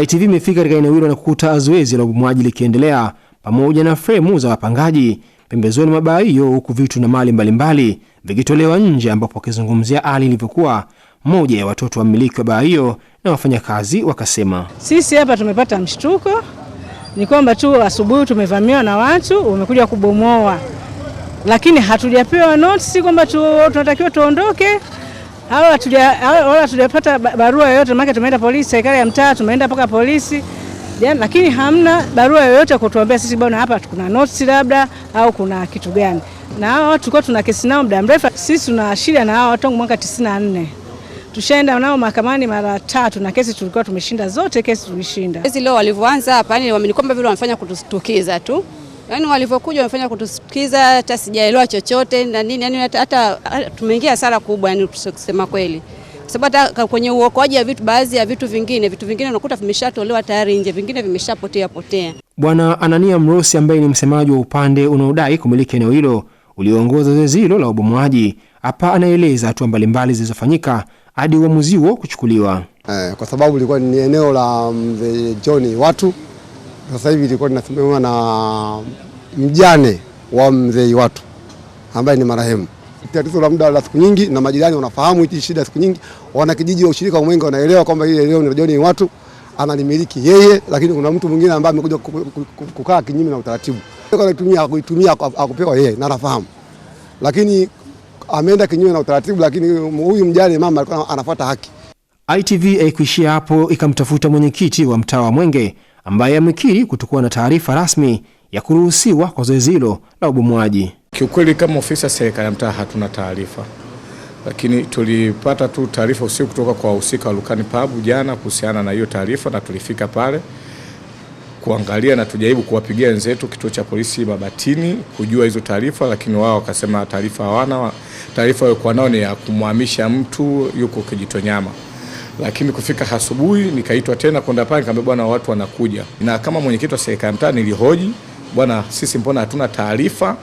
ITV imefika katika eneo hilo na kukuta zoezi la ubomoaji likiendelea pamoja na fremu za wapangaji pembezoni mwa baa hiyo, huku vitu na mali mbalimbali vikitolewa nje, ambapo wakizungumzia hali ilivyokuwa, mmoja ya watoto wa mmiliki wa baa hiyo na wafanyakazi wakasema, sisi hapa tumepata mshtuko, ni kwamba tu asubuhi tumevamiwa na watu wamekuja kubomoa, lakini hatujapewa notisi kwamba tunatakiwa tuondoke wala tujapata barua yoyote, maana tumeenda polisi, serikali ya mtaa tumeenda mpaka polisi jana, lakini hamna barua yoyote kutuambia sisi bwana, hapa kuna notisi labda au kuna kitu gani. Na hao watu kwa tuna kesi nao muda mrefu, sisi tuna shida na hao tangu mwaka 94 tushaenda nao mahakamani mara tatu na kesi tulikuwa tumeshinda zote, kesi tulishinda. Leo walivyoanza hapa, yani waamini kwamba vile wanafanya kutustukiza tu Yaani walivyokuja wamefanya kutusikiza, hata sijaelewa chochote na nini, yani hata tumeingia hasara kubwa, yani kusema kweli, kwa sababu hata kwenye uokoaji ya vitu, baadhi ya vitu vingine, vitu vingine unakuta vimeshatolewa tayari nje, vingine vimeshapotea potea. Bwana Anania Mrosi ambaye ni msemaji wa upande unaodai kumiliki eneo hilo ulioongoza zoezi hilo la ubomoaji, hapa anaeleza hatua mbalimbali zilizofanyika hadi uamuzi huo kuchukuliwa. Eh, kwa sababu ilikuwa ni eneo la mzee mm, John watu sasa hivi ilikuwa linasimamiwa na mjane wa mzee watu ambaye ni marehemu. Tatizo la muda la siku nyingi, na majirani wanafahamu hii shida siku nyingi, wana kijiji wa ushirika wa Mwenge wanaelewa kwamba ile eneo ni John watu analimiliki yeye, lakini kuna mtu mwingine ambaye amekuja kukaa kinyume na utaratibu, anatumia kuitumia akupewa yeye na nafahamu lakini ameenda kinyume na utaratibu, lakini huyu mjane mama alikuwa anafuata haki. ITV haikuishia hapo, ikamtafuta mwenyekiti wa mtaa wa Mwenge ambaye amekiri kutokuwa na taarifa rasmi ya kuruhusiwa kwa zoezi hilo la ubomoaji. Kiukweli, kama ofisi ya serikali ya mtaa hatuna taarifa, lakini tulipata tu taarifa usiku kutoka kwa wahusika wa Lukani Pabu jana kuhusiana na hiyo taarifa, na tulifika pale kuangalia na tujaribu kuwapigia wenzetu kituo cha polisi Babatini kujua hizo taarifa, lakini wao wakasema taarifa hawana. Taarifa waliokuwa nao ni ya kumhamisha mtu yuko Kijitonyama lakini kufika asubuhi nikaitwa tena kwenda pale, nikamwambia bwana, watu wanakuja. Na kama mwenyekiti wa serikali ya mtaa nilihoji, bwana, sisi mbona hatuna taarifa?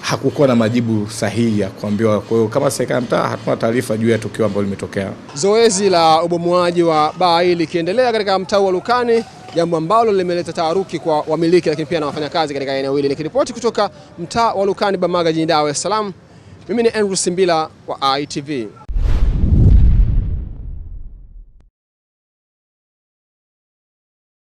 Hakukuwa na majibu sahihi ya kuambiwa. Kwa hiyo kama serikali ya mtaa hatuna taarifa juu ya tukio ambalo limetokea. Zoezi la ubomoaji wa baa hii likiendelea katika mtaa wa Lukani, jambo ambalo limeleta taharuki kwa wamiliki, lakini pia na wafanyakazi katika eneo hili. Nikiripoti kutoka mtaa wa Lukani, Bamaga, jijini Dar es Salaam, mimi ni Andrew Simbila wa ITV.